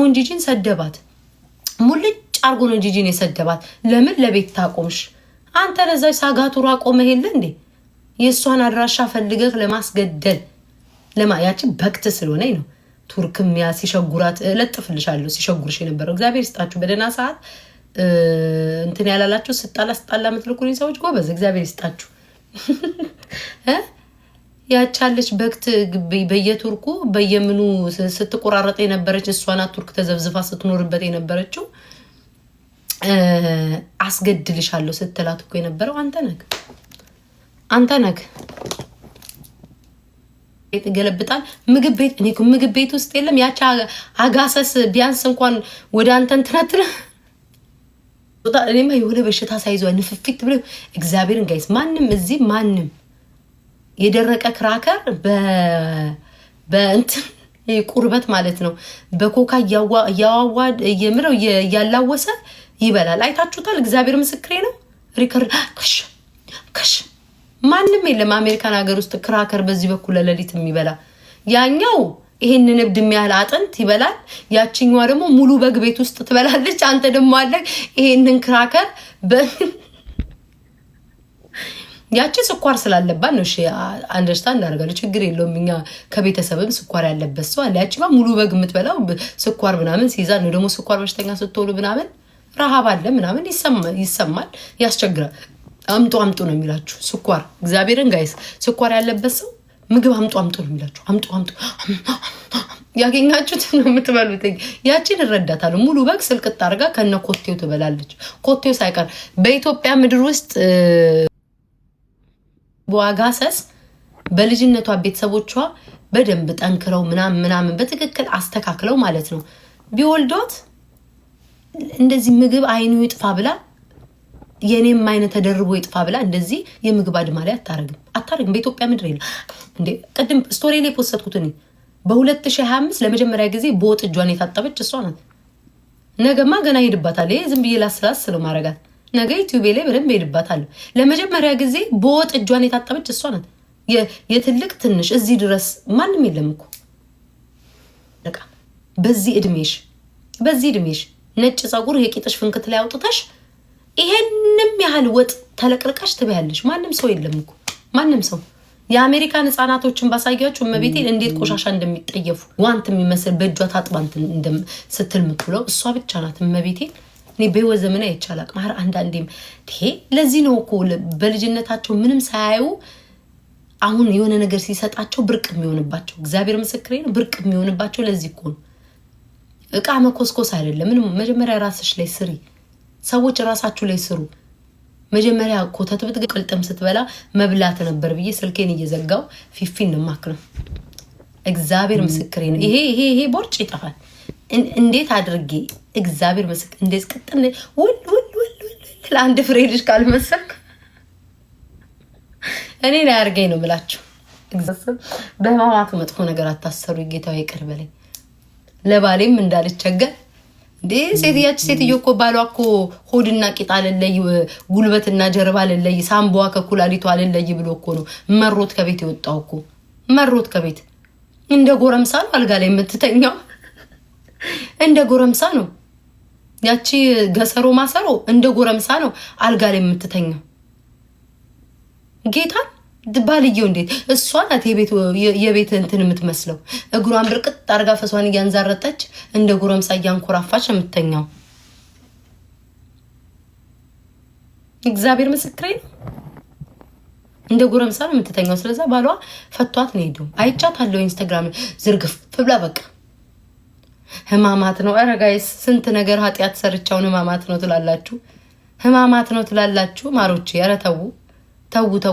አሁን ጂጂን ሰደባት። ሙልጭ አርጎ ነው ጂጂን የሰደባት። ለምን ለቤት ታቆምሽ አንተ ለዛች ሳጋቱራ ቆመህ የለ እንዴ? የእሷን አድራሻ ፈልገህ ለማስገደል ለማያችን በቅት ስለሆነ ነው። ቱርክም ያ ሲሸጉራት እለጥፍልሻለሁ ሲሸጉርሽ የነበረው እግዚአብሔር ይስጣችሁ በደህና ሰዓት እንትን ያላላችሁ ስጣላ ስጣላ የምትልኩኝ ሰዎች ጎበዝ እግዚአብሔር ይስጣችሁ። ያቻለች በክት በየቱርኩ በየምኑ ስትቆራረጥ የነበረች እሷና ቱርክ ተዘብዝፋ ስትኖርበት የነበረችው አስገድልሻለሁ ስትላት እኮ የነበረው አንተ ነህ፣ አንተ ነህ። ገለብጣል ምግብ ቤት እኔ እኮ ምግብ ቤት ውስጥ የለም ያቺ አጋሰስ ቢያንስ እንኳን ወደ አንተ እንትናትነ እኔማ የሆነ በሽታ ሳይዘ ንፍፊት ብለ እግዚአብሔርን ጋይስ ማንም እዚህ ማንም የደረቀ ክራከር በእንትን ቁርበት ማለት ነው። በኮካ እያዋዋድ የምለው እያላወሰ ይበላል። አይታችሁታል። እግዚአብሔር ምስክሬ ነው። ሪከርድ ክሽ ክሽ ማንም የለም አሜሪካን ሀገር ውስጥ ክራከር በዚህ በኩል ለሌሊት የሚበላ ያኛው ይሄንን እብድ የሚያህል አጥንት ይበላል። ያችኛዋ ደግሞ ሙሉ በግ ቤት ውስጥ ትበላለች። አንተ ደግሞ አለ ይሄንን ክራከር ያቺ ስኳር ስላለባት ነው። እሺ አንደርስታንድ እናደርጋለሁ፣ ችግር የለውም። እኛ ከቤተሰብም ስኳር ያለበት ሰው አለ። ያቺማ ሙሉ በግ የምትበላው ስኳር ምናምን ሲይዛ ነው። ደግሞ ስኳር በሽተኛ ስትሆኑ ምናምን ረሃብ አለ ምናምን ይሰማል፣ ያስቸግራል። አምጡ አምጡ ነው የሚላችሁ ስኳር። እግዚአብሔርን ጋይስ ስኳር ያለበት ሰው ምግብ አምጡ አምጡ ነው የሚላችሁ። አምጡ አምጡ ያገኛችሁት ነው የምትበሉት። ያችን እረዳታለሁ። ሙሉ በግ ስልቅት አድርጋ ከነ ኮቴው ትበላለች። ኮቴው ሳይቀር በኢትዮጵያ ምድር ውስጥ በዋጋሰስ በልጅነቷ ቤተሰቦቿ በደንብ ጠንክረው ምናምን ምናምን በትክክል አስተካክለው ማለት ነው ቢወልዷት እንደዚህ ምግብ አይኑ ይጥፋ ብላ የእኔም አይነት ተደርቦ ይጥፋ ብላ እንደዚህ የምግብ አድማ ላይ አታረግም አታረግም። በኢትዮጵያ ምድር የለ እንዴ። ቅድም ስቶሪ ላይ ፖሰትኩት እኔ በ2025 ለመጀመሪያ ጊዜ በወጥ እጇን የታጠበች እሷ ናት። ነገማ ገና ይሄድባታል። ይሄ ዝም ብዬ ላስላስ ስለው ማረጋት ነገ ዩቲዩቤ ላይ በደንብ ሄድባታለሁ። ለመጀመሪያ ጊዜ በወጥ እጇን የታጠበች እሷ ናት። የትልቅ ትንሽ እዚህ ድረስ ማንም የለም እኮ በቃ በዚህ እድሜሽ በዚህ እድሜሽ ነጭ ፀጉር የቂጥሽ ፍንክት ላይ አውጥተሽ ይሄንም ያህል ወጥ ተለቅልቃሽ ትበያለሽ። ማንም ሰው የለም እኮ ማንም ሰው የአሜሪካን ህጻናቶችን ባሳያችሁ እመቤቴን እንዴት ቆሻሻ እንደሚጠየፉ ዋንት የሚመስል በእጇ ታጥባንት ስትል ምትውለው እሷ ብቻ ናት እመቤቴን እኔ በህይወት ዘመን አይቻል አቅማር አንዳንዴም ለዚህ ነው እኮ በልጅነታቸው ምንም ሳያዩ አሁን የሆነ ነገር ሲሰጣቸው ብርቅ የሚሆንባቸው እግዚአብሔር ምስክሬ ነው። ብርቅ የሚሆንባቸው ለዚህ እኮ ነው። እቃ መኮስኮስ አይደለም። ምንም መጀመሪያ ራስሽ ላይ ስሪ። ሰዎች ራሳችሁ ላይ ስሩ። መጀመሪያ ኮተት ብት ቅልጥም ስትበላ መብላት ነበር ብዬ ስልኬን እየዘጋው ፊፊን ማክ ነው። እግዚአብሔር ምስክሬ ነው። ይሄ ይሄ ይሄ ቦርጭ ይጠፋል። እንዴት አድርጌ እግዚአብሔር መስክ እንዴት ቅጥል ውል ውል ውል ለአንድ ፍሬ ልጅ ካልመሰልክ እኔ ላይ አድርገኝ ነው የምላቸው። በህማማቱ መጥፎ ነገር አታሰሩ። ጌታ ይቅር በለኝ። ለባሌም እንዳልቸገር እንዴ ሴትያች ሴትዮ እኮ ባሏ እኮ ሆድና ቂጣ አልለይ፣ ጉልበትና ጀርባ አልለይ፣ ሳምቧ ከኩላሊቷ አልለይ ብሎ እኮ ነው መሮት ከቤት የወጣው እኮ መሮት ከቤት እንደ ጎረምሳ ነው አልጋ ላይ የምትተኛው። እንደ ጎረምሳ ነው። ያቺ ገሰሮ ማሰሮ እንደ ጎረምሳ ነው አልጋ ላይ የምትተኘው። ጌታን ባልየው እንዴት እሷ ናት የቤት እንትን የምትመስለው። እግሯን ብርቅጥ አርጋ ፈሷን እያንዛረጠች እንደ ጎረምሳ እያንኮራፋች ነው የምትተኛው። እግዚአብሔር ምስክሬ ነው። እንደ ጎረምሳ ነው የምትተኛው። ስለዛ ባሏ ፈቷት ነው ሄደው። አይቻታለሁ ኢንስታግራም ዝርግፍ ብላ በቃ ህማማት ነው። ኧረ ጋይስ ስንት ነገር ኃጢአት ሰርቻውን ህማማት ነው ትላላችሁ፣ ህማማት ነው ትላላችሁ። ማሮቼ ኧረ ተዉ ተዉ ተዉ።